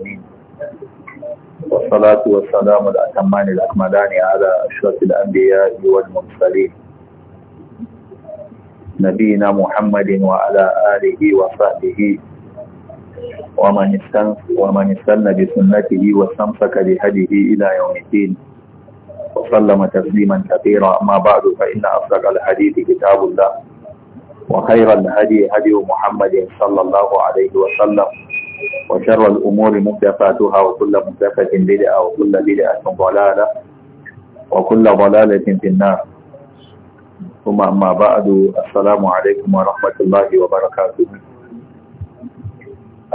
المرسلين والصلاة والسلام الأتمان الأكملان على أشرف الأنبياء والمرسلين نبينا محمد وعلى آله وصحبه ومن استنى ومن بسنته واستمسك بهديه إلى يوم الدين وسلم تسليما كثيرا أما بعد فإن أصدق الحديث كتاب الله وخير الهدي هدي محمد صلى الله عليه وسلم وشر الأمور محدثاتها وكل محدثة بدعة وكل بدعة ضلالة وكل ضلالة في النار ثم أما بعد السلام عليكم ورحمة الله وبركاته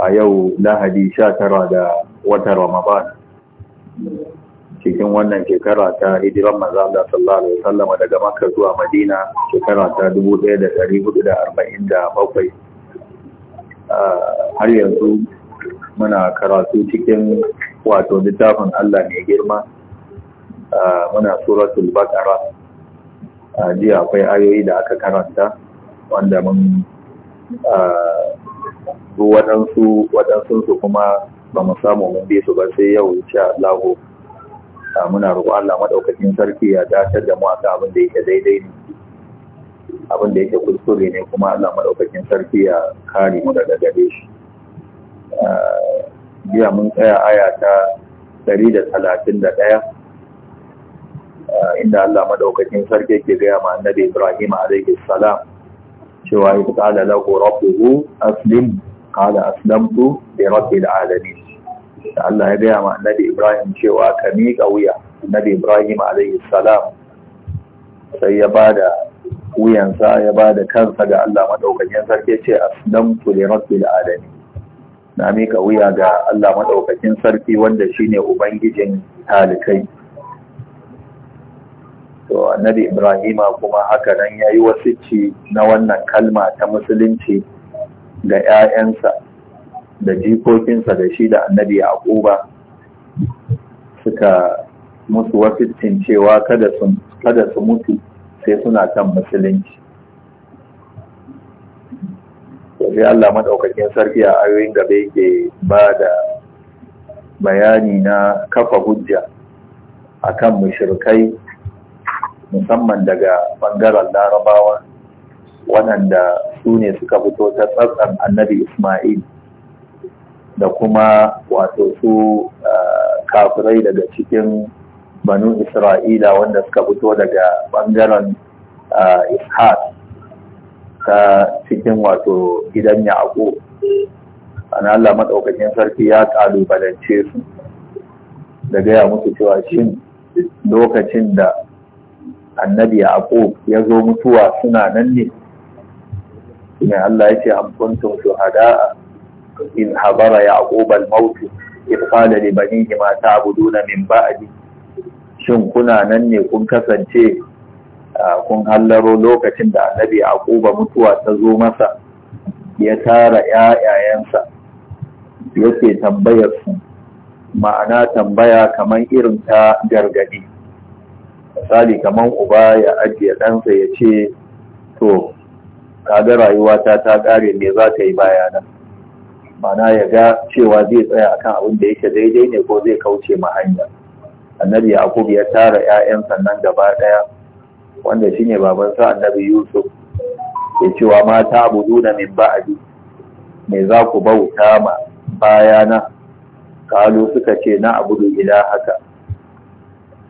أيو لهدي lahadi sha tara da cikin wannan shekara ta hijiran maza mazala sallallahu alaihi wasallam daga makka zuwa madina shekara ta 1447 har yanzu muna karatu cikin wato littafin Allah ne girma muna suratul baqara ji akwai ayoyi da aka karanta wanda mun waɗansu waɗansu kuma ba mu samu mun bi su ba sai yau insha Allah muna roƙo Allah madaukakin sarki ya dace da mu akan abin da yake daidai ne abin da yake kuskure ne kuma Allah madaukakin sarki ya kare mu daga gare shi biya mun tsaya aya ta 131 inda Allah madaukakin sarki yake gaya ma annabi Ibrahim alaihi salam cewa ya qala lahu rabbuhu aslim qala aslamtu li rabbil alamin Allah ya gaya ma annabi Ibrahim cewa ka miƙa wuya annabi Ibrahim alaihi salam sai ya bada wuyansa ya bada kansa ga Allah madaukakin sarki ce aslamtu li rabbil alamin na mika wuya ga Allah maɗaukakin sarki wanda shine ubangijin talikai to annabi ibrahima kuma haka nan ya yi wasicci na wannan kalma ta musulunci ga 'ya'yansa da jikokinsa da shi da annabi yaquba suka musu wasiccin cewa kada su mutu sai suna kan musulunci sai Allah madaukakin sarki a ayoyin gaba yake ba da bayani na kafa hujja a kan mushrikai musamman daga bangaren larabawa waɗanda su ne suka fito ta tsatsan annabi Ismail da kuma wato su kafirai daga cikin banu Isra'ila wanda suka fito daga bangaren Ishaq ta cikin wato gidan yaƙo ana Allah maɗaukakin sarki ya ƙalubalance su da gaya musu cewa shin lokacin da annabi yaƙo ya zo mutuwa suna nan ne ne Allah ya ce su hada in habara yaqub al mautu in qala li ma ta'buduna min ba'di shin kuna nan ne kun kasance kun hallaro lokacin da annabi Yaquba mutuwa ta zo masa ya tara ‘ya'yayensa yake tambayar su ma'ana tambaya kamar irin ta gargadi misali kamar uba ya ajiye ɗansa ya ce to kaga rayuwata ta ƙare me za ta yi bayana ma'ana ya ga cewa zai tsaya akan abin da yake daidai ne ko zai kauce ma hanya annabi ya tara 'ya'yan nan gaba ɗaya wanda shine baban sa annabi Yusuf ya ce wa mata na min ba'adi me za ku bauta ma bayana kalu suka ce na abudu haka.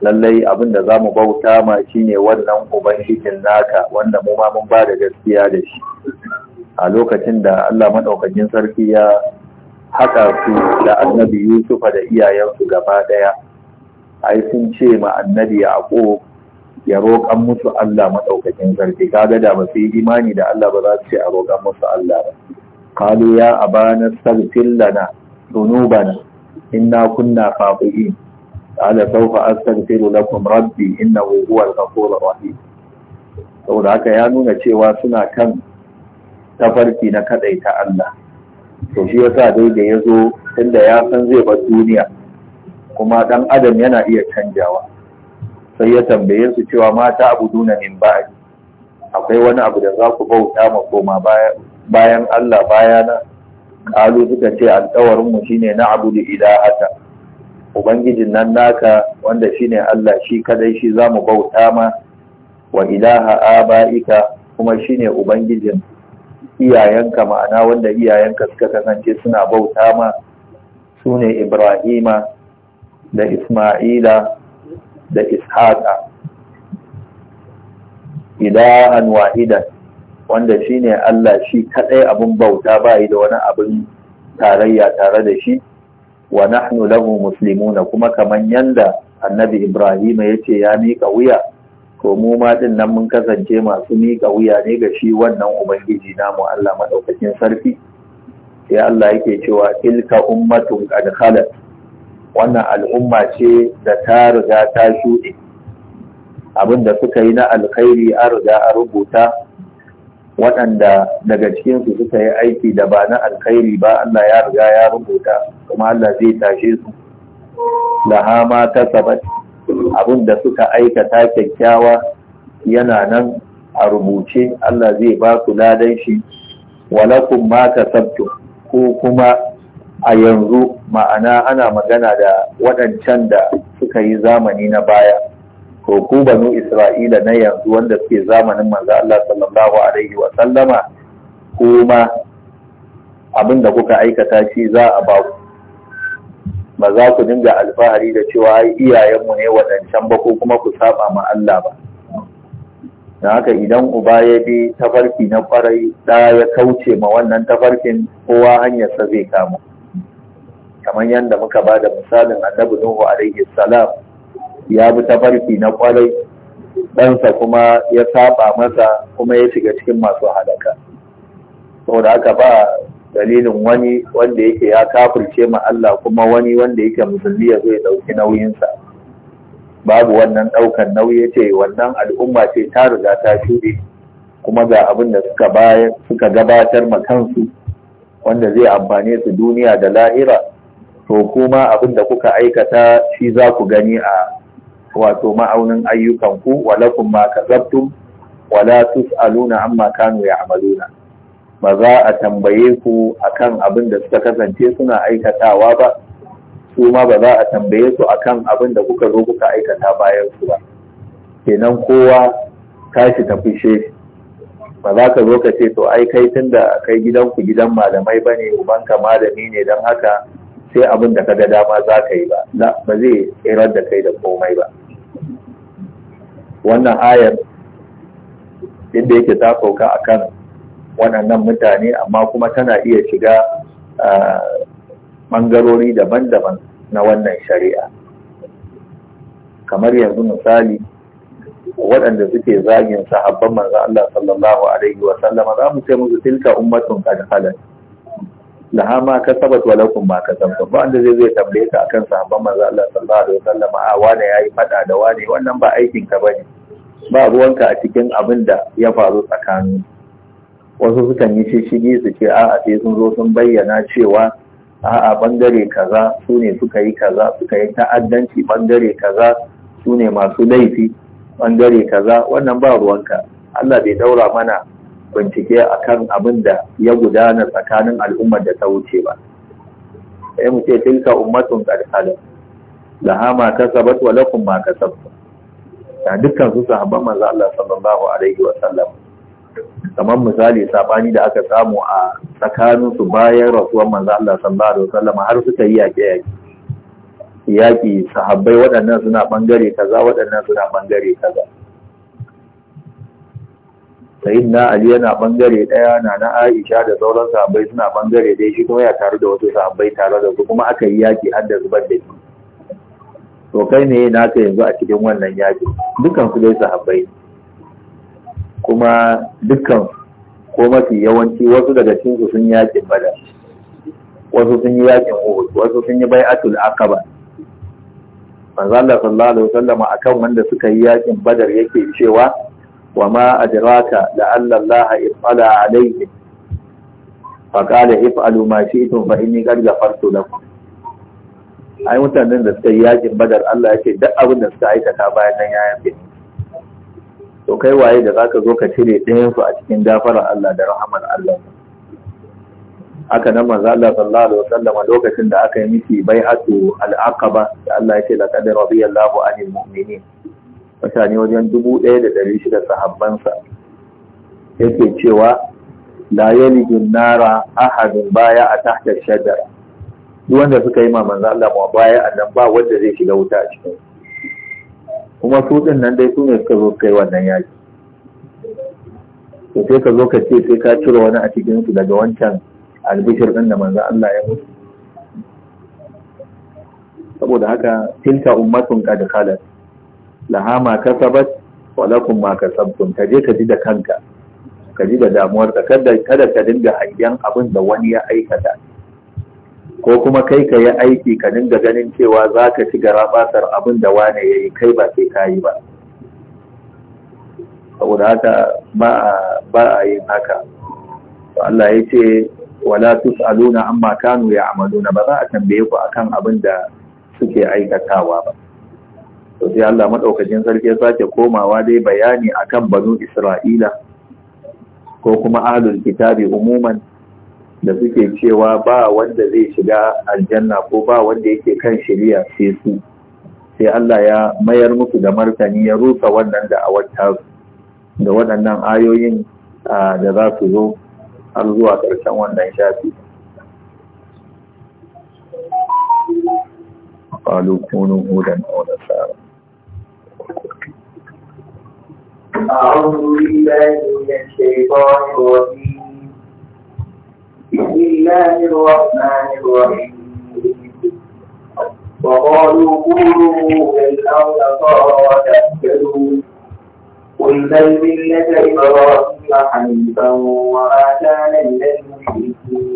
lallai abin da za mu bauta ma shine wannan uban ubangijin naka wanda mu ma mun ba da gaskiya da shi a lokacin da Allah maɗaukakin sarki ya haɗa su da annabi Yusufa da iyayensu gaba ɗaya ai sun ce ma annabi Yaqub ya roƙan musu Allah maɗaukakin sarki kaga da ba su yi imani da Allah ba za su ce a roƙan musu Allah ba kalu ya abana sarfin lana dunubana inna kunna fafi'in ala saufa astaghfiru lakum rabbi innahu huwal ghafurur rahim saboda haka ya nuna cewa suna kan tafarki na kadaita Allah to shi yasa dai da yazo tunda ya san zai bar duniya kuma dan adam yana iya canjawa sai ya tambaye su cewa mata abu abuduna min ba'di akwai wani abu da za ku bauta ma koma bayan Allah bayana kalu suka ce alƙawarin mu shine na abudu ilahata ubangijin nan naka wanda shine Allah shi kadai shi zamu bauta ma wa ilaha abaika kuma shine ubangijin iyayenka ma'ana wanda iyayenka suka kasance suna bauta ma sune Ibrahima da Isma'ila da ishaqa ilahan wahidan wanda shine Allah shi kaɗai abin bauta yi da wani abin tarayya tare da shi wa nahnu lahu muslimuna kuma kaman yanda annabi Ibrahim yace ya mika wuya to mu ma din nan mun kasance masu mika wuya ne ga shi wannan ubangiji namu Allah madaukakin sarki sai Allah yake cewa tilka ummatun qad khalat wannan al'umma ce da ta riga ta shuɗe abinda suka yi na alkhairi an riga a rubuta waɗanda daga cikinsu suka yi aiki da ba na alkhairi ba Allah ya riga ya rubuta kuma Allah zai tashe su Lahama ma ta sabat abinda suka aikata kyakkyawa yana nan a rubuce Allah zai ba su ladan shi walakum ma kasabtum ko kuma a yanzu ma'ana ana magana da waɗancan da suka yi zamani na baya to ku banu isra'ila na yanzu wanda suke zamanin manzo Allah sallallahu alaihi wa sallama kuma abin da kuka aikata shi za a ba ku ba za ku dinga alfahari da cewa ai iyayenmu ne waɗancan ba ko kuma ku saba ma Allah ba da haka idan uba ya bi tafarki na kwarai ɗaya ya kauce ma wannan tafarkin kowa hanyarsa zai kama kamar yadda muka ba da misalin annabi Nuhu alaihi salam ya bi tafarki na kwarai ɗansa kuma ya saba masa kuma ya shiga cikin masu halaka saboda haka ba dalilin wani wanda yake ya kafirce ma Allah kuma wani wanda yake musulmi ya zai ɗauki nauyinsa babu wannan ɗaukan nauyi ce wannan al'umma ce ta riga ta shuɗe kuma ga abin da suka gabatar ma kansu wanda zai amfane su duniya da lahira to kuma abin da kuka aikata shi za ku gani a wato ma'aunin ayyukanku walakun ma kazabtum wala tus'aluna amma kanu ya'maluna ba za a tambaye ku akan abin da suka kasance suna aikatawa ba Kuma ba za a tambaye su akan abin da kuka zo kuka aikata bayan su ba kenan kowa kashi tafi shi ba za ka zo ka ce to ai kai tun da kai gidanku gidan malamai ba ne ubanka malami ne don haka sai abin da ka ga dama za ka yi ba ba zai irar da kai da komai ba wannan ayar inda yake ta sauka a kan waɗannan mutane amma kuma tana iya shiga ɓangarori daban-daban na wannan shari'a kamar yanzu misali waɗanda suke zagin sahabban manzo Allah sallallahu alaihi wa sallama za mu ce musu tilka ummatun qad khalat ha ma kasabat wa lakum ma kasabtum ba wanda zai zai tambaye ka akan sahabban manzo Allah sallallahu alaihi wasallam a wane yayi fada da wane wannan ba aikin ka bane ba ruwanka a cikin abin da ya faru tsakanin wasu sukan yi shishigi su ce a'a sai sun zo sun bayyana cewa a'a bangare kaza su ne suka yi kaza suka yi ta'addanci bangare kaza su ne masu laifi bangare kaza wannan ba ruwanka Allah bai daura mana bincike kan abin da ya gudana tsakanin al'ummar da ta wuce ba sai mu ce tilka ummatun qad laha ma kasabat wa lakum ma kasabtum da dukkan su sahabban manzo Allah sallallahu alaihi wa sallam kamar misali sabani da aka samu a tsakanin su bayan rasuwar manzo Allah sallallahu alaihi wa sallam har suka yi yaƙe yaƙe yaƙi sahabbai waɗannan suna ɓangare kaza waɗannan suna ɓangare kaza sayin na ali yana bangare daya na na aisha da sauran sahabbai suna bangare dai shi kuma ya taru da wasu sahabbai tare da su kuma aka yi yaki har da zubar da shi to kai ne na ka yanzu a cikin wannan yaki dukkan su dai sahabbai kuma dukkan ko mafi yawanci wasu daga cikin su sun yakin bada wasu sun yi yaƙin uhud wasu sun yi bai'atul aqaba manzo Allah sallallahu alaihi wasallam akan wanda suka yi yakin badar yake cewa وما أدراك لعل الله اطلع عليهم فقال افعلوا ما شئتم فإني قد غفرت لكم ai mutanen da suka yi yakin badar Allah ya ce duk abin da suka aikata bayan nan ya yanke to kai waye da zaka zo ka cire ɗayan a cikin dafar Allah da rahamar Allah haka na manzo Allah sallallahu alaihi wasallam lokacin da aka yi miki bai'atu al-aqaba da Allah ya ce laqad radiyallahu anil mu'minin mutane wajen dubu ɗaya da ɗari shida sahabbansa yake cewa la yalijun nara ahadin baya a tahta shajara duk wanda suka yi maman Allah ma baya a nan ba wanda zai shiga wuta a cikin kuma su din nan dai su ne suka zo kai wannan yaki to sai ka zo ka ce sai ka cire wani a cikin su daga wancan albishir din da manzo Allah ya mutu saboda haka tilka ummatun qad khalat laha ma kasabat wa lakum ma kasabtum ka je ka ji da kanka ka da damuwar ka kada kada ka dinga hangen abin da wani ya aikata ko kuma kai ka yi aiki ka dinga ganin cewa za ka ci gara basar abin da wani ya yi kai ba sai ka yi ba saboda haka ba a yin haka Allah ya ce wala tus'aluna amma kanu ya'maluna ba za a tambaye ku akan abin da suke aikatawa ba to sai Allah madaukakin sarki ya sake komawa dai bayani akan banu Isra'ila ko kuma ahlul kitabi umuman da suke cewa ba wanda zai shiga aljanna ko ba wanda yake kan shari'a sai su sai Allah ya mayar musu da martani ya rusa wannan da awarta da waɗannan ayoyin da za su zo har zuwa karshen wannan shafi قالوا كونوا هودا او نصارى أعوذ بالله من الشيطان الرجيم بسم الله الرحمن الرحيم وقالوا قولوا للأرض صار وتأكلوا قل بل ملة إبراهيم حنيفا وما كان من المشركين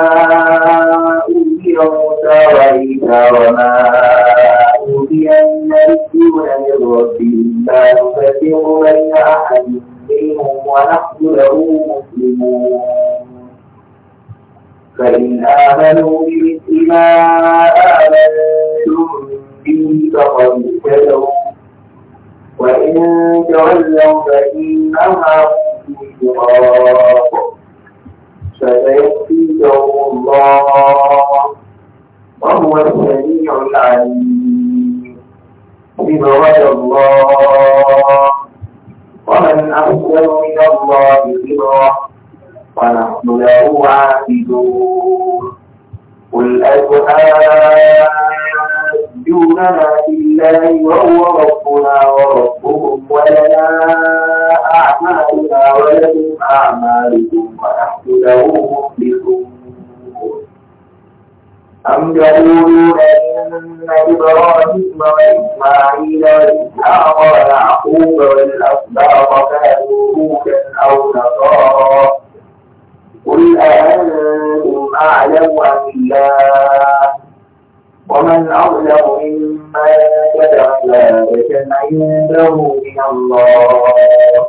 أويت وما أوتي النبيون من ربهم لا نفرق بين أحد منهم ونحن له مسلمون فإن آمنوا بمثل ما آمنتم به فقد اهتدوا وإن تولوا فإنما هم في شقاق فسيكفيهم الله وهو السميع العليم بما الله ومن أحسن من الله بما ونحن له عابدون قل أتحاجوننا الله وهو ربنا وربكم ولنا أعمالنا ولكم أعمالكم ونحن له مخلصون أم يقولون إن إبراهيم وإسماعيل وإسحاق ويعقوب والأسباط كانوا كوكا أو نصارا قل أأنتم أعلم أم الله ومن أظلم ممن كتب شهادة عنده من الله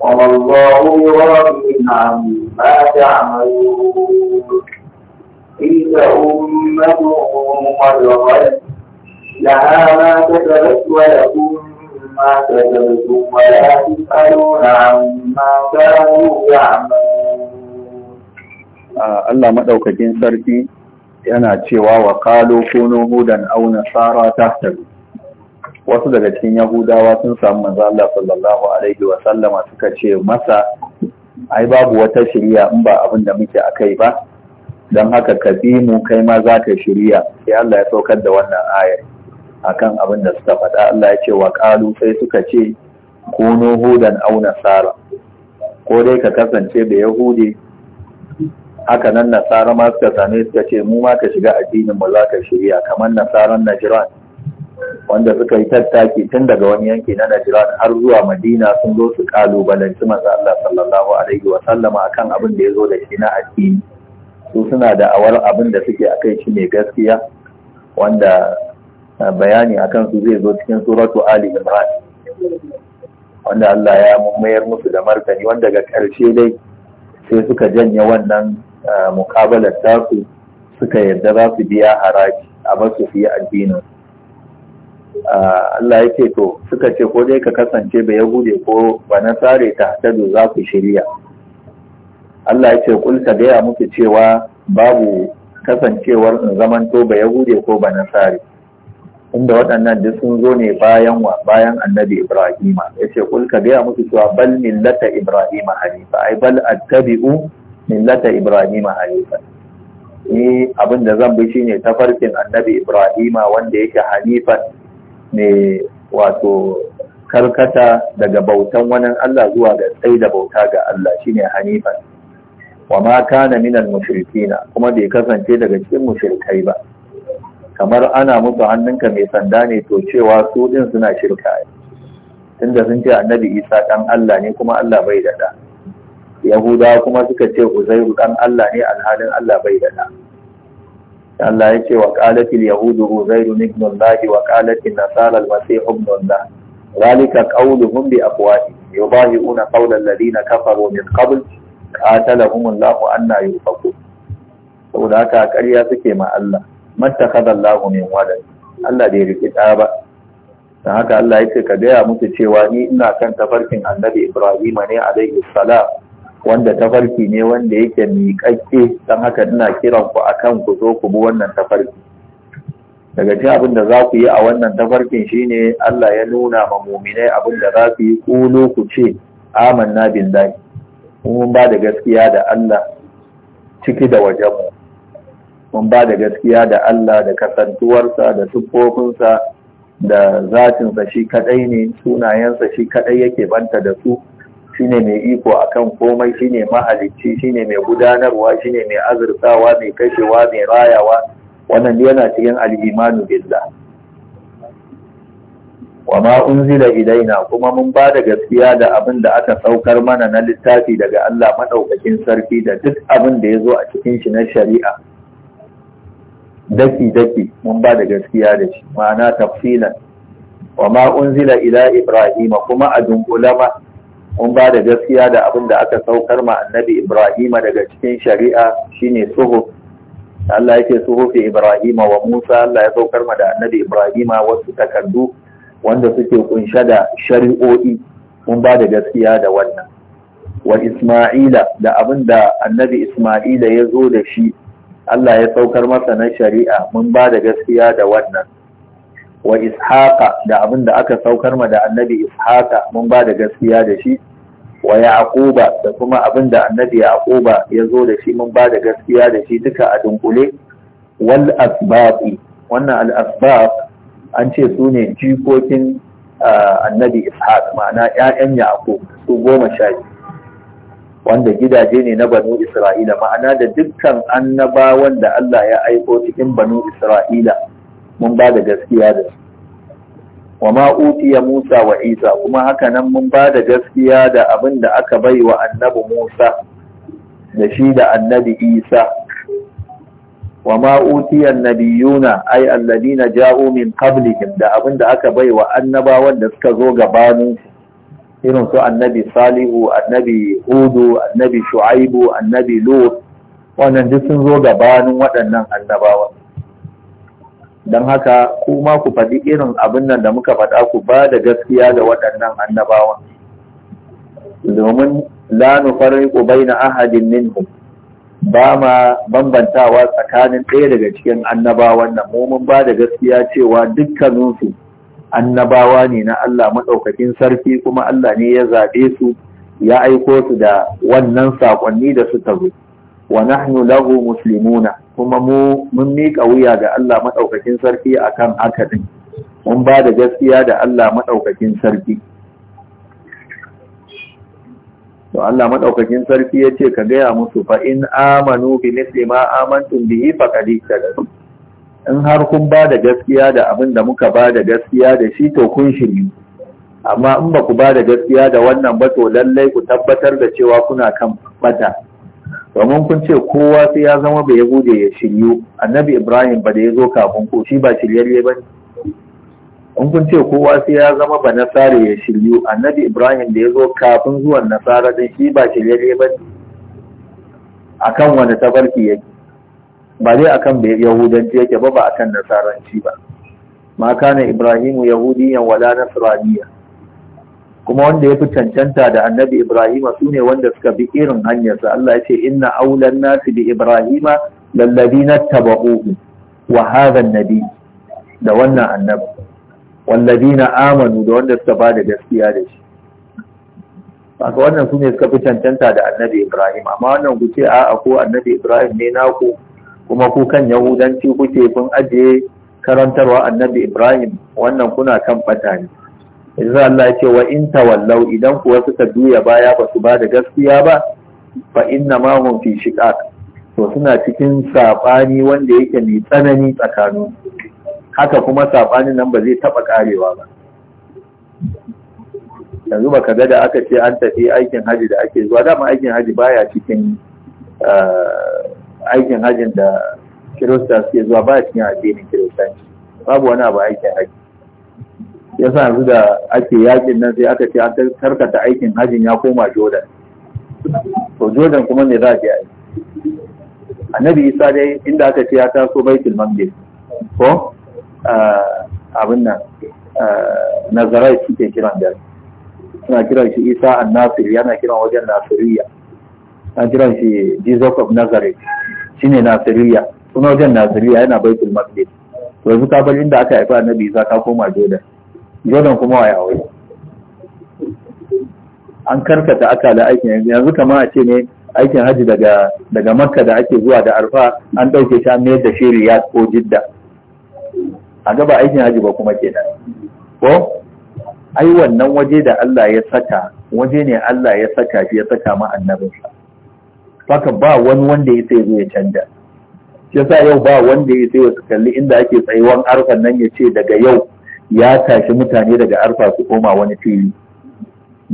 وما الله بغافل عما تعملون Allah maɗaukakin sarki yana cewa wa kalo kunu hudan tsara ta tahtaru wasu daga cikin yahudawa sun samu maza Allah sallallahu alaihi wa sallama suka ce masa ai babu wata shirya, in ba abin da muke akai ba don haka ka bi mu kai ma za ka shirya sai Allah ya saukar da wannan ayar akan abin da suka faɗa Allah ya ce wa ƙalu sai suka ce kunu hudan au nasara ko dai ka kasance da yahudi haka nan nasara ma suka same suka ce mu ma ka shiga addinin mu za ka shirya kamar nasaran najiran wanda suka yi tattaki tun daga wani yanki na najiran har zuwa madina sun zo su kalubalanci manzo Allah sallallahu alaihi wa sallama akan abin da ya zo da shi na addini su suna da awar abin da suke a kai shi ne gaskiya wanda eh, bayani akan su zai zo cikin suratu ali imran wanda Allah ya mayar musu da martani wanda ga ƙarshe dai sai suka janye wannan eh, mukabalar tasu suka yarda za su biya haraji a basu fiye addini eh, Allah ya ce to suka ce ko dai ka kasance bai ya gude ko ba na sare ta hatadu za ku shirya Allah ya ce kul ka gaya muke cewa babu kasancewar in zamanto ba yahude ko ba nasari inda waɗannan duk sun zo ne bayan wa bayan annabi ibrahima ya ce kul ka gaya musu cewa bal millata ibrahima hanifa ai bal attabi'u millata ibrahima hanifa ni abin da zan bi shine tafarkin annabi ibrahima wanda yake hanifan ne wato karkata daga bautan wani Allah zuwa ga da bauta ga Allah shine hanifan wa ma kana minal mushrikina kuma bai kasance daga cikin mushrikai ba kamar ana musu hannunka mai sanda ne to cewa su din suna shirka tunda sun ce annabi isa dan Allah ne kuma Allah bai da da kuma suka ce uzairu dan Allah ne alhalin Allah bai da da Allah ya ce wa qalatil yahudu uzairu ibn Allah wa qalatil nasara al-masih ibn Allah ذلك قولهم بأفواههم يضاهئون قول الذين كفروا من قبل qatalahumullahu anna yufaku saboda haka ƙarya suke ma Allah mattakhadallahu min walad Allah bai riki da ba dan haka Allah yake ka gaya musu cewa ni ina kan tafarkin annabi Ibrahim ne alaihi salam wanda tafarki ne wanda yake miƙaƙƙe dan haka ina kiran ku akan ku zo ku bi wannan tafarki daga cikin abin da za ku yi a wannan tafarkin shine Allah ya nuna ma muminai abin da za ku yi kulo ku ce amanna billahi mun ba da gaskiya da Allah ciki da wajenmu mun ba da gaskiya da Allah da kasantuwarsa da siffofinsa da zatinsa shi kadai ne sunayensa shi kadai yake banta da su shine mai iko akan komai shine mahalicci shine mai gudanarwa shine mai azurtawa mai kashewa mai rayawa wannan yana cikin al'imanu billah wa ma unzila ilaina kuma mun ba da gaskiya da abin da aka saukar mana na littafi daga Allah madaukakin sarki da duk abin da ya zo a cikin shi na shari'a daki daki mun ba da gaskiya da shi ma'ana tafsilan wa ma unzila ila ibrahima kuma a dunkulama mun ba da gaskiya da abin da aka saukar ma annabi ibrahima daga cikin shari'a shine suhu. Allah yake suhufi ibrahima wa musa Allah ya saukar ma da annabi ibrahima wasu takardu wanda suke kunshe da shari'o'i mun ba da gaskiya da wannan wa Isma'ila da abin da annabi Isma'ila ya zo da shi Allah ya saukar masa na shari'a mun ba da gaskiya da wannan wa Ishaqa da abin da aka saukar ma da annabi Ishaqa mun ba da gaskiya da shi wa Yaquba da kuma abin da annabi Yaquba ya zo da shi mun ba da gaskiya da shi duka a dunkule wal asbab wannan al asbab an ce su ne jikokin ah, annabi ishaq ma'ana 'ya'yan yaƙo su goma sha wanda gidaje ne na banu isra'ila ma'ana da dukkan annabawan da Allah ya aiko cikin banu isra'ila mun ba da gaskiya da su wa ma ya Musa wa Isa kuma haka nan mun ba da gaskiya da abin da aka bai wa annabi Musa da shi da annabi Isa Wa أوتي النبيون أي الذين جاءوا من قبلهم da abin da aka bai wa annabawan da suka zo gabanin irin su annabi salihu annabi hudu annabi shu'aibu annabi lut wannan duk sun zo gabanin waɗannan annabawa don haka kuma ku faɗi irin abin nan da muka faɗa ku ba da gaskiya da waɗannan annabawa domin la nufarriqu baina ahadin minhum ba ma bambantawa tsakanin ɗaya daga cikin annabawan nan mu ba da gaskiya cewa dukkaninsu annabawa ne na Allah maɗaukakin sarki kuma Allah ne ya zaɓe su ya aiko su da wannan saƙonni da suka zo wa nahnu lahu musulmuna," kuma mu mun miƙa wuya ga Allah maɗaukakin sarki akan haka din mun ba da gaskiya da Allah maɗaukakin sarki to Allah madaukakin sarki ya ce ka gaya musu fa in amanu bi misli ma amantum bihi faqad ihtadaw in har kun ba da gaskiya da abin da muka ba da gaskiya da shi to kun shiryu amma in ba ku ba da gaskiya da wannan ba to lallai ku tabbatar da cewa kuna kan bata domin kun ce kowa sai ya zama bai gode ya shiryu annabi ibrahim ba da ya zo kafin ku shi ba shiryayye ba ne in kun ce kowa sai ya zama ba nasara ya shiryu annabi ibrahim da ya zo kafin zuwan nasara din shi ba ne ba a kan wani tafarki yake ba dai akan yahudanci yake ba ba akan nasaranci ba ma kana ibrahimu yahudiyan wala nasraniya kuma wanda ya fi cancanta da annabi ibrahima su ne wanda suka bi irin hanyarsa Allah ya ce inna aulan nasi bi ibrahima na tabahu wa hadha nabi da wannan annabi Wallabi na amanu da wanda suka ba da gaskiya da shi haka wannan su ne suka fi cancanta da annabi Ibrahim amma wannan ku ce a'a ko annabi Ibrahim ne naku kuma ku kan yahudanci kuke kun ajiye karantarwa annabi Ibrahim wannan kuna kan bata ne Yanzu Allah ya ce wa in tawallau idan kuwa suka duya baya ba su ba da gaskiya ba fa inna ma hum fi shiqaq to suna cikin saɓani wanda yake mai tsanani tsakanin haka kuma saɓanin nan ba zai taɓa ƙarewa ba yanzu ba ka da aka ce an tafi aikin haji da ake zuwa dama aikin haji baya cikin eh, aikin hajin da kirista suke zuwa baya cikin addinin kiristanci babu wani abu aikin haji sa yanzu da ake yakin nan sai aka ce an karkata aikin hajin ya koma jordan to jordan kuma ne za a je yi? annabi isa dai inda aka ce ya taso baitul maqdis ko abin nan nazarai suke kiran da suna kiran shi isa an nasir yana kiran wajen nasiriya na kiran shi jesus of nazare shi ne nasiriya suna wajen nasiriya yana baitul maqdis yanzu ka bar inda aka haifa annabi isa ka koma jordan jordan kuma waya wai an karkata aka da aikin yanzu kama a ce ne aikin haji daga daga makka da ake zuwa da arfa an ɗauke shi an mayar da shi riyad ko jidda a gaba aikin haji ba kuma kenan ko ai wannan waje da Allah ya saka waje ne Allah ya saka shi ya saka ma annabinsa saka ba wani wanda ya sai ya canja shi yasa yau ba wanda ya sai su kalli inda ake tsayuwan arfa nan ya ce daga yau ya tashi mutane daga arfa su koma wani fili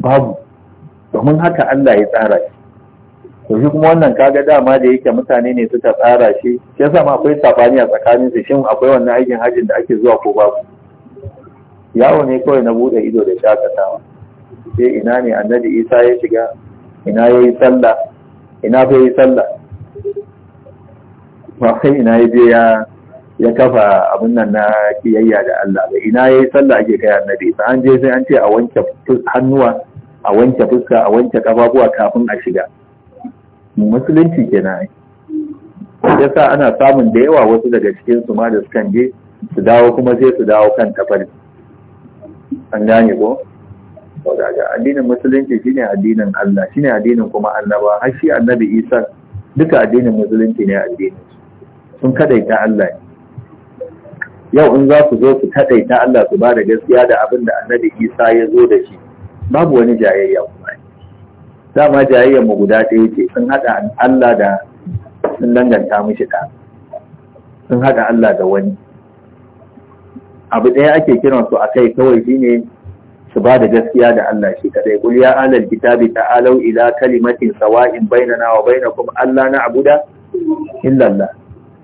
babu domin haka Allah ya tsara shi to shi kuma wannan kaga dama da yake mutane ne suka tsara shi shi yasa akwai sabani a tsakanin su shin akwai wannan aikin hajjin da ake zuwa ko babu yawo ne kawai na bude ido da shakatawa sai ina ne annabi isa ya shiga ina ya yi sallah ina bai yi sallah ba sai ina ya je ya ya kafa abin nan na kiyayya da Allah ba ina ya yi sallah ake kai annabi isa an je sai an ce a wanke hannuwa a wanke fuska a wanke kafafuwa kafin a shiga musulunci kenan ya sa ana samun da yawa wasu daga cikin su ma da sukan je su dawo kuma sai su dawo kan tafari an gane ko wadaga addinin musulunci shine addinin Allah shine addinin kuma annaba har shi annabi Isa duka addinin musulunci ne addinin sun kadaita Allah ne yau in za su zo su kadaita Allah su ba da gaskiya da abin da annabi Isa ya zo da shi babu wani jayayya kuma ne dama jayayyar mu guda ɗaya ce sun haɗa Allah da sun danganta mishi ɗa sun haɗa Allah da wani abu ɗaya ake kiran su a kai kawai shine su ba da gaskiya da Allah shi kadai kul ya alal kitabi ta'alau ila kalimatin sawa'in bainana wa bainakum alla na'budu illa Allah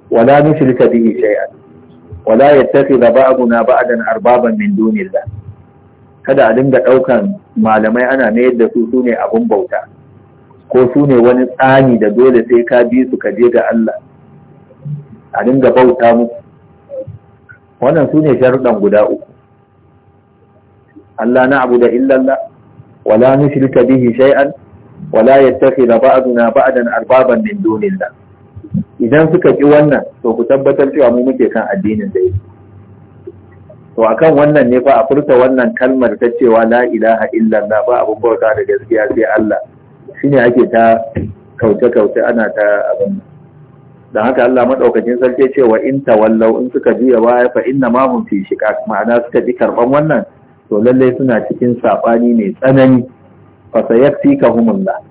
wa la nushrika bihi shay'an wa la yattakhidha ba'duna ba'dan arbaban min dunillah kada a dinga ɗaukan malamai ana mayar da su su ne abin bauta ko su ne wani tsani da dole sai ka bi su ka je ga Allah a dinga bauta musu wannan su ne sharuɗan guda uku Allah na abu da illallah wala nushrika bihi shay'an wala yattakhidha ba'duna ba'dan arbaban min dunillah idan suka ki wannan to ku tabbatar cewa mu muke kan addinin da yake to akan wannan ne fa a furta wannan kalmar ta cewa la ilaha illallah ba abun bauta da gaskiya sai Allah shine ake ta kauce kauce ana ta abin dan haka Allah madaukakin sarki ce wa in tawallau in suka biya baya fa inna ma hum fi shiqaq ma'ana suka bi karban wannan to lalle suna cikin sabani ne tsanani fa sayaktikahumullah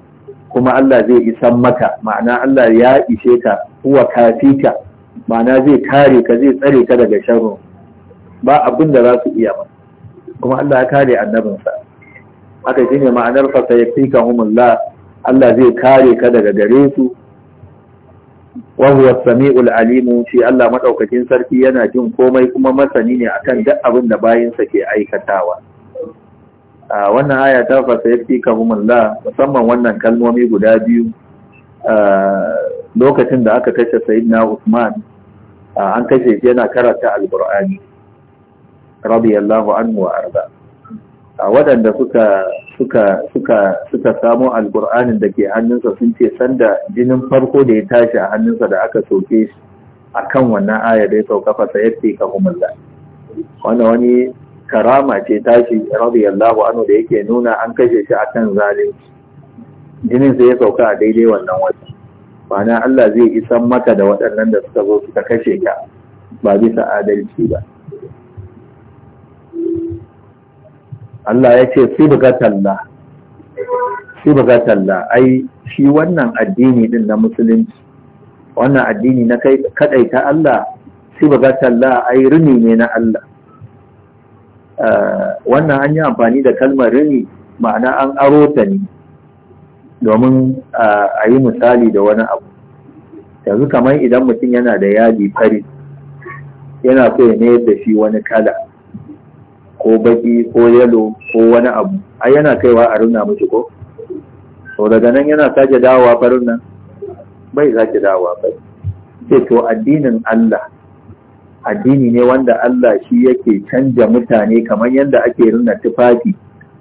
kuma Allah zai isan maka ma'ana Allah ya ishe ka huwa kafika ma'ana zai kare ka zai tsare ka daga sharrin ba abin da za su iya ba kuma Allah ya kare annabinsa aka ne ma'anar fa sayaktikahumullah Allah zai kare ka daga gare su wa huwa samiul alim shi Allah madaukakin sarki yana jin komai kuma masani ne akan duk abin da bayinsa ke aikatawa a wannan aya ta fa sayaktikahumullah musamman wannan kalmomi guda biyu lokacin da aka kashe sayyidina Usman an kashe yana karanta alqur'ani radiyallahu anhu wa a wadanda suka suka suka suka samu alqur'anin da ke hannunsa sun ce sanda jinin farko da ya tashi a hannunsa da aka soke shi akan wannan aya da ya sauka fa sayyafi ka humulla wannan wani karama ce tashi radiyallahu anhu da yake nuna an kashe shi akan zalunci jinin sai ya sauka a daidai wannan wata ma'ana Allah zai isan maka da waɗannan da suka zo suka kashe ka ba bisa adalci ba Allah ya ce buga talla. ai shi wannan addini din na musulunci wannan addini na kai ta Allah talla, ai rini ne na Allah eh, wannan an yi amfani da kalmar rini ma'ana an aro ta ne domin eh, a yi misali da wani abu yanzu kamar idan mutum yana da yadi fari yana so ya ne da shi wani kala ko baki ko yalo ko wani abu ai yana kaiwa a runa miki ko to daga nan yana sake dawowa farin nan bai sake dawowa bai ce to addinin Allah addini ne wanda Allah shi yake canja mutane kamar yadda ake runa tufafi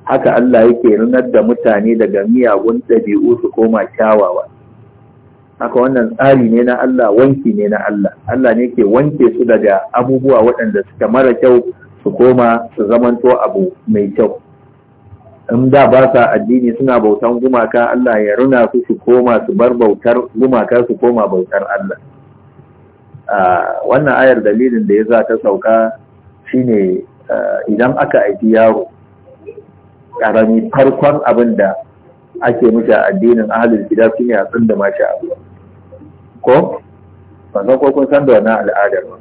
haka Allah yake runar da mutane daga miyagun ɗabi'u su koma kyawawa haka wannan tsari ne na Allah wanki ne na Allah Allah ne ke wanke su daga abubuwa waɗanda suka mara kyau su koma su zamanto abu mai kyau in da ba sa addini suna bautan gumaka Allah ya runa su su koma su bar bautar gumaka su koma bautar Allah wannan ayar dalilin da ya za ta sauka shine idan aka aiki yaro ƙarami farkon abin da ake mishi addinin ahalin gida ne a tsinda mashi abu ko? sannan ko san da wannan al'adar ba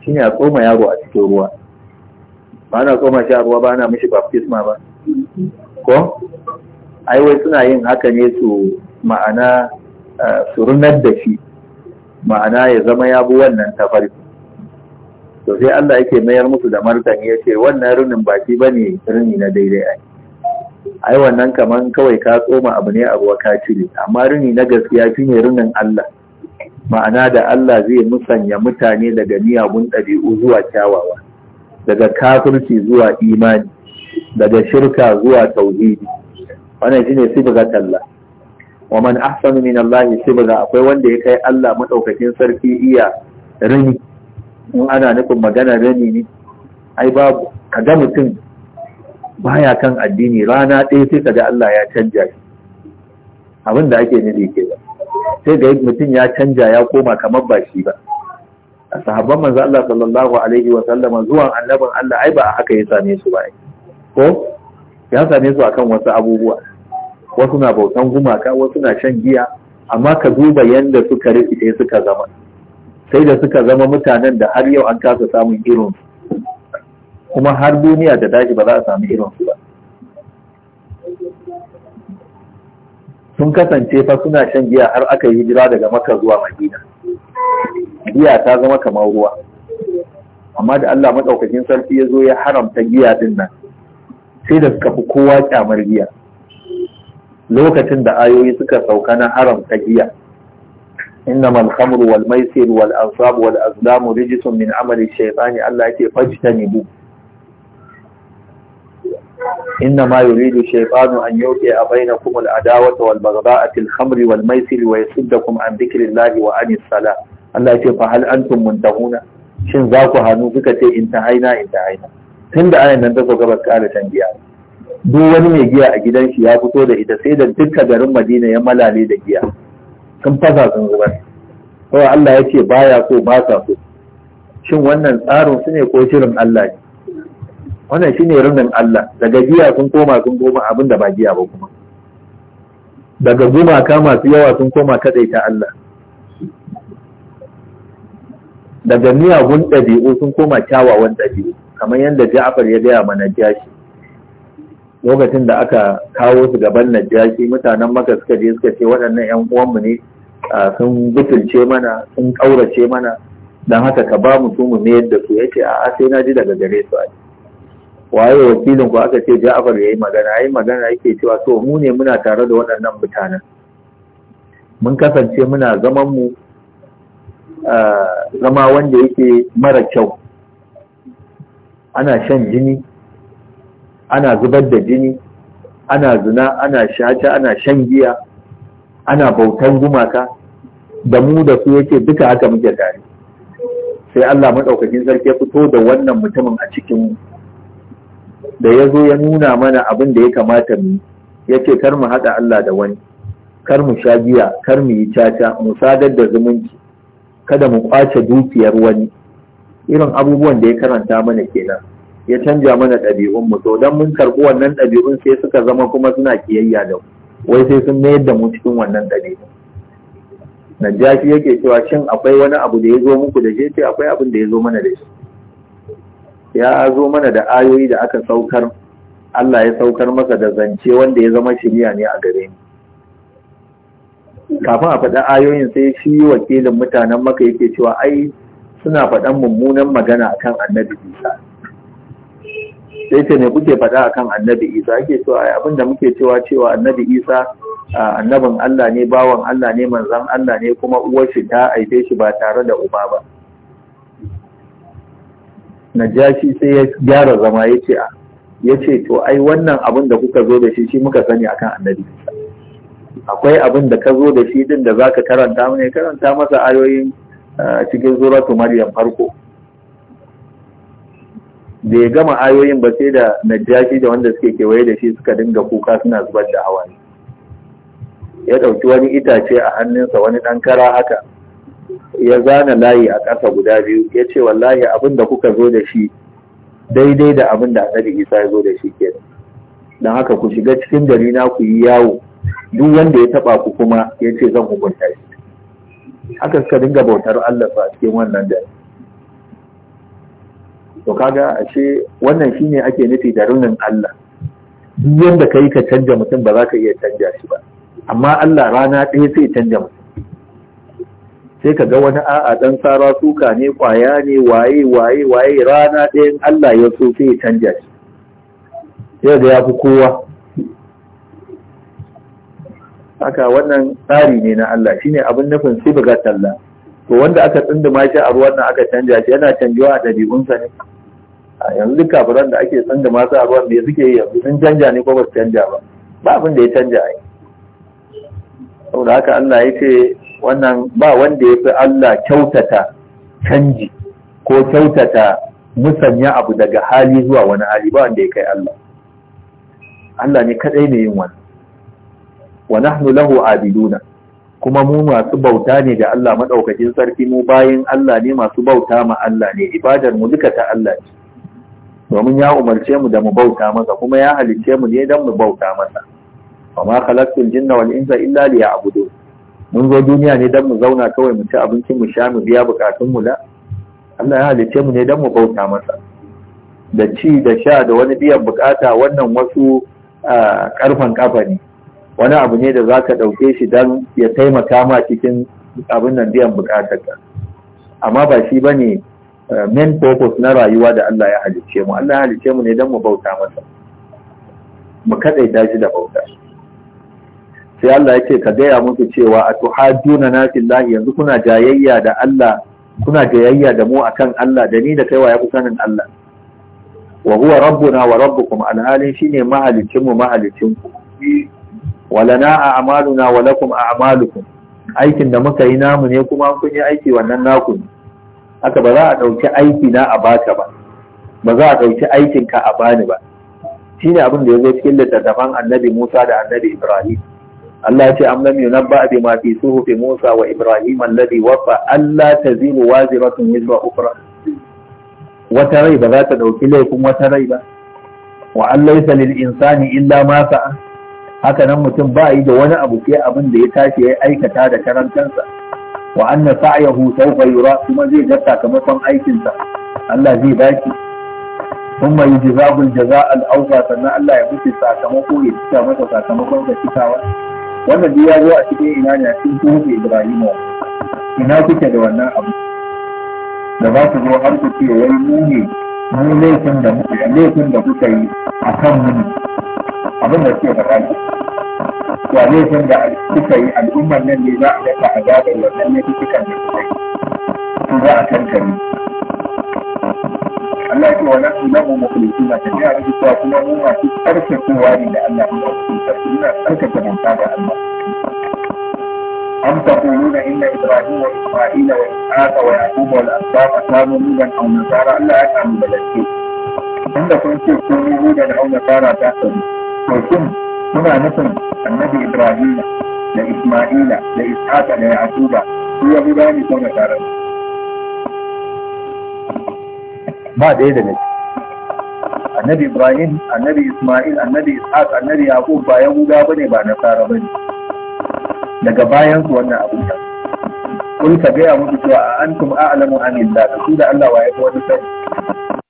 shine a tsoma yaro a cikin ruwa ba na tsoma shi a ruwa ba na mishi baptisma ba ko aiwai suna yin haka ne su ma'ana eh, surunar da shi ma'ana ya zama ya bi wannan tafari to sai Allah yake mayar musu da martani ya ce wannan runin baki ba ne rini na daidai ai ai wannan kaman kawai ka tsoma abu ne a ruwa ka cire amma rini na gaskiya shi ne rinin Allah ma'ana da Allah zai musanya mutane daga miyagun ɗabi'u zuwa kyawawa daga kafirci zuwa imani daga shirka zuwa tauhidi wannan shine sibga talla wa man ahsanu min Allah sibga akwai wanda ya kai Allah madaukakin sarki iya rini in ana nufin magana rini ne ai babu kaga mutum baya kan addini rana ɗaya sai kaga Allah ya canja shi abin da ake nufi ke ba sai ga mutum ya canja ya koma kamar ba shi ba sahabban manzo Allah sallallahu alaihi wa sallama zuwan annabin Allah ai ba haka ya same su ba ko ya same su akan wasu abubuwa wasu na bautan gumaka wasu na shan giya amma ka duba yanda suka rikice suka zama sai da suka zama mutanen da har yau an kasa samun irin kuma har duniya da daji ba za a samu irin su ba sun kasance fa suna shan giya har aka yi hijira daga maka zuwa madina giya ta zama kamar ruwa amma da Allah maɗaukacin sarki ya zo ya haramta giya ɗin nan sai da suka fi kowa ƙyamar giya lokacin da ayoyi suka sauka na haramta giya inna mal khamru wal maisir wal ansab wal azlam rijsun min amali shaytani Allah yake ne bu inna ma yuridu shaytanu an yuqi bainakum al adawata wal baghda'a fil khamri wal maisir wa yasuddakum an dhikrillahi wa anis salat Allah ce fa hal antum muntahuna shin za ku hannu kuka ce in ta haina in ta haina tun da ayan nan ta so gabas kara shan giya duk wani mai giya a gidan shi ya fito da ita sai da dukkan garin Madina ya malale da giya sun fasa sun zubar kawai Allah ya ce baya so ba sa so shin wannan tsarin su ne ko shirin Allah ne wannan shine rinin Allah daga giya sun koma sun koma abin da ba giya ba kuma daga gumaka masu yawa sun koma kadai ta Allah daga miyagun ɗabi'u sun koma kyawawan ɗabi'u kamar yadda ja'afar ya gaya mana najashi lokacin da aka kawo su gaban najashi mutanen maka suka je suka ce waɗannan 'yan uwanmu ne sun butulce mana sun ƙaurace mana don haka ka ba mu su mu mayar da su yace a'a sai na ji daga gare su ai waye wakilin ku aka ce Ja'far yayi magana yayi magana yake cewa to mu ne muna tare da waɗannan mutanen mun kasance muna zaman mu zama wanda yake mara kyau ana shan jini ana zubar da jini ana zina ana shata ana shan giya ana bautan gumaka da mu da su yake duka haka muke tare sai Allah maɗaukakin sarki ya fito da wannan mutumin a cikin mu da ya zo ya nuna mana abin da ya kamata mu ya ce kar mu haɗa Allah da wani kar mu sha giya kar mu yi caca mu sadar da zumunci kada mu kwace dukiyar wani irin abubuwan da ya karanta mana kenan ya canja mana ɗabi'un mu to dan mun karɓi wannan ɗabi'un sai suka zama kuma suna kiyayya da mu wai sai sun mayar da mu cikin wannan ɗabi'un najashi yake cewa shin akwai wani abu da ya zo muku da shi sai akwai abin da ya zo mana da shi ya zo mana da ayoyi da aka saukar Allah ya saukar masa da zance wanda ya zama shirya ne a gare ni kafin a faɗa ayoyin sai shi wakilin mutanen maka yake cewa ai suna faɗan mummunan magana akan annabi isa sai ce ne kuke faɗa akan annabi isa ake cewa ai abin da muke cewa cewa annabi isa annabin allah ne bawan allah ne manzan allah ne kuma uwar shi ta aife shi ba tare da uba ba najashi sai ya gyara zama ya ce to ai wannan abin da kuka zo da shi shi muka sani akan annabi isa akwai abin da ka zo da shi din da zaka karanta mana karanta masa ayoyin cikin suratu maryam farko da ya gama ayoyin ba sai da najashi da wanda suke kewaye da shi suka dinga kuka suna zubar da hawaye ya ɗauki wani itace a hannunsa wani ɗan kara haka ya zana layi a ƙasa guda biyu ya ce wallahi abin da kuka zo da shi daidai da abin da annabi isa ya zo da shi ke don haka ku shiga cikin gari na ku yi yawo duk wanda ya taba ku kuma ya ce zan hukunta shi haka suka dinga bautar Allah a cikin wannan da to kaga ashe wannan shine ake nufi da runin Allah duk wanda kai ka canja mutum ba za ka iya canja shi ba amma Allah rana ɗaya sai canja mutum sai ka ga wani a'a dan tsara suka ne kwaya ne waye waye waye rana ɗaya Allah ya so sai ya canja shi sai da ya fi kowa haka wannan tsari ne na Allah shine abin nufin buga talla to wanda aka tsinduma shi a ruwan nan aka canja shi yana canjuwa a ɗabi'unsa ne a yanzu duk kafiran da ake tsinduma su a ruwan me suke yi yanzu sun canja ne ko ba su canja ba ba abin da ya canja ai saboda haka Allah ya ce wannan ba wanda ya fi Allah kyautata canji ko kyautata musanya abu daga hali zuwa wani hali ba wanda ya kai Allah Allah ne kadai ne yin wannan wa nahnu lahu abiduna kuma mu masu bauta ne da Allah madaukakin sarki mu bayin Allah ne masu bauta ma Allah ne ibadar mu duka ta Allah ce domin ya umarce mu da mu bauta masa kuma ya halicce mu ne don mu bauta masa ma khalaqtul jinna wal insa illa liya'budun mun zo duniya ne don mu zauna kawai mu ci abinci mu sha mu biya bukatun mu la Allah ya halicce mu ne don mu bauta masa da ci da sha da wani biyan bukata wannan wasu karfan ah, ƙafa ne wani abu ne da za ka ɗauke shi don ya taimaka ma cikin abin nan biyan bukatarka amma ba shi ba ne eh, main purpose na rayuwa da Allah ya halice mu Allah ya halicce mu ne don mu bauta masa mu da shi da bauta sai Allah ce ka gaya musu cewa a tuhaduna na fillahi yanzu kuna jayayya da Allah kuna jayayya da mu akan Allah da ni da kaiwa ya sanin Allah wa huwa rabbuna wa rabbukum alhalin shine mahalicin mu mahalicin ku walana a'maluna wa lakum a'malukum aikin da muka yi namu ne kuma kun yi aiki wannan naku ne haka ba za a ɗauki aiki na a baka ba ba za a ɗauki aikin ka a bani ba Shi ne abin da ya zo cikin littattafan annabi Musa da annabi Ibrahim Allah ce am lam yunabba bi ma fi suhufi Musa wa Ibrahim alladhi waffa alla taziru waziratun wizra ukhra wata rai ba za ta ɗauki laifin wata rai ba wa an laysa lil insani illa ma sa'a haka nan mutum ba yi da wani abu sai abin da ya tashi ya aikata da karantansa wa anna sa'yahu sawfa yura kuma zai ga sakamakon aikinsa Allah zai ba baki kuma yi jazabul jaza al-awfa sannan Allah ya mutu sakamako ya cika masa sakamakon da cikawa wannan duk ya zo a cikin ina ne a cikin sunan Ibrahim ina kuke da wannan abu da ba su zo har ku ce wai mu ne mu laifin da muka laifin da kuka yi mu abin da suke faɗa ne wa da suka yi al'ummar nan ne za a daka a gabar wannan laifukan da suka yi su za a tantare Allah ya ce wa nasu lamu mukhlisin na tafiya da cewa kuma mu masu tsarkakewa ne da Allah ya ce tsarkina tsarkake bauta da Allah أم تقولون إن إبراهيم وإسماعيل وإسحاق ويعقوب والأسباط كانوا هودا أو نصارى ألا أفهم بلد عندكم كنتم هودا أو نصارى تأخذوا mutum muna nufin annabi ibrahim da isma'ila da ishaqa da yaquba su yahuda ne ko nasara ba ɗaya da nake annabi ibrahim annabi isma'il annabi ishaq annabi yaqub ba yahuda bane ba ba ne daga bayan su wannan abin da kun ka gaya musu cewa a kuma a'lamu an da su da Allah waye ko wani sani